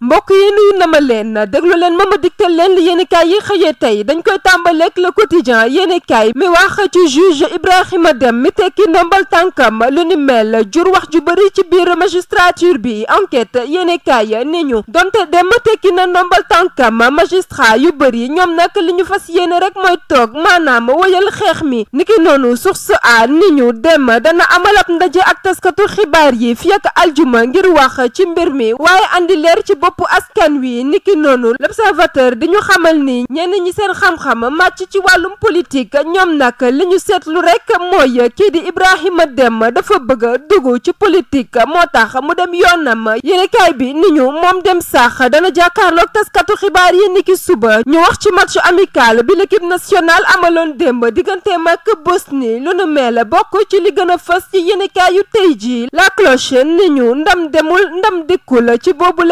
mbokk yi nuyu na ma leen déglu len mama ma len yene kay yi xeye tay dañ koy tàmbaleek le quotidien yene kay mi wax ci juge Ibrahima dem mi teki ndombal tànkam lu ni mel jur wax ju bëri ci bir magistrature bi enquête yene kay niñu donte dem teki na ndombal tànkam magistrat yu bëri ñom nak liñu fas yene rek moy tok manam wëyal xex mi niki noonu source a niñu dem dana amal ab ndaje ak taskatu xibaar yi fi ak aljuma ngir wax ci mbir mi waye andi leer ci boppu askan wi niki noonu l'observateur di ñu xamal ni ñenn ñi seen xam-xam màcc ci wàllum politique ñoom nak lañu ñu seetlu rek mooy kii di Ibrahima dem dafa bëgg dugg ci politique moo tax mu dem ma yéenekaay bi ni ñu moom dem sax dana jàkkaarloog taskatu xibaar yi niki suba ñu wax ci match amical bi l'équipe nationale amaloon démb diggante ak Bosnie lu nu mel bokk ci li gën a fës ci yéenekaay yu tey ji la cloche ni ñu ndam demul ndam dikkul ci boobu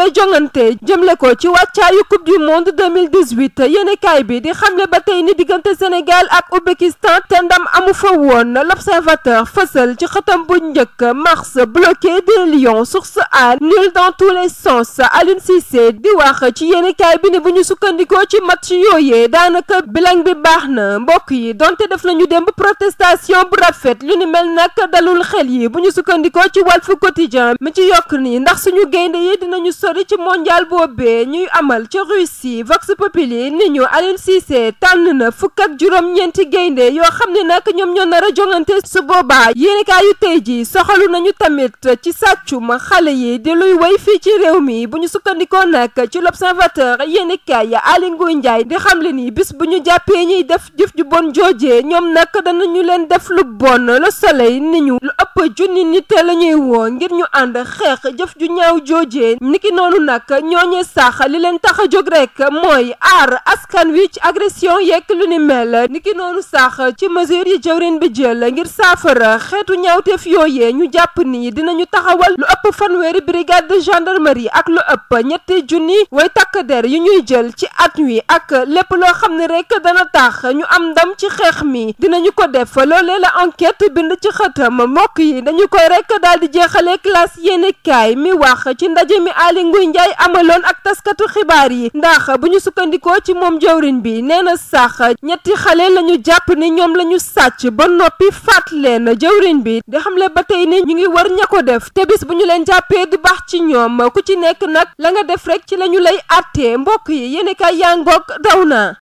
jongante jëmle ko ci wàccaayu coupe du monde 2018 yene kay bi di xamle ba ni diggante Sénégal ak Uzbekistan te ndam amu fa won l'observateur fësal ci xatam bu njëkk mars bloqué des lions source a nul dans tous les sens Aliou Cissé di wax ci yene kay bi ni bu ñu sukkandikoo ci match yooyee daanaka bilang bi baxna mbokk yi donté def nañu démb protestation bu rafet lu ni mel nak dalul xel yi bu ñu sukkandikoo ci Walf Quotidien mi ci yok ni ndax suñu gaynde yi dinañu sori ci mondial boobee ñuy amal ca Russie Vox Populi ni ñu Aliou Cissé tànn na fukk ak juróom-ñeenti gaynde yoo xam ne nag ñoom ñoo nar a jongante su boobaa yéenekaay yu tey ji soxalu nañu tamit ci ma xale yi di luy woy fii ci réew mi bu ñu sukkandikoo nag ci l'Observateur yi Aly Ngouille Ndiaye di xam xamle ni bis bu ñu jàppee ñuy def jëf ju bon jooje ñoom nag ñu leen def lu bon Le Soleil ni ñu lu ëpp junni nit la ñuy woo ngir ñu ànd xeex jëf ju ñaaw joojee niki noonu nag ñooñu sax li leen tax a jóg rek mooy aar askan wi ci agression yeeg lu ni mel niki noonu sax ci mesure yi jëwrin bi jël ngir saafara xeetu ñaawteef yooyee ñu jàpp ni dinañu taxawal lu ëpp fanweeri brigade de gendarmerie ak lu ëpp ñetti junni way takk der yi ñuy jël ci at wi ak lépp loo xam ne rek dana tax ñu am ndam ci xeex mi dinañu ko def loolee la enquête bind ci xëtam mbokk yi dañu koy rekk daal di jeexalee classe yéenekaay mi wax ci ndaje mi Aly Ngouille Ndiaye amaloon ak taskatu xibaar yi ndax bu ñu sukkandikoo ci moom jawrin bi nee na sax ñetti xale la ñu jàpp ni ñoom la ñu sàcc ba noppi faat leen jawrin bi di xamle ba tey ni ñu ngi war ña ko def te bis bu ñu leen jàppee du baax ci ñoom ku ci nekk nag la nga def rek ci la ñu lay àttee mbokk yi yéen i yaa ngoog daw na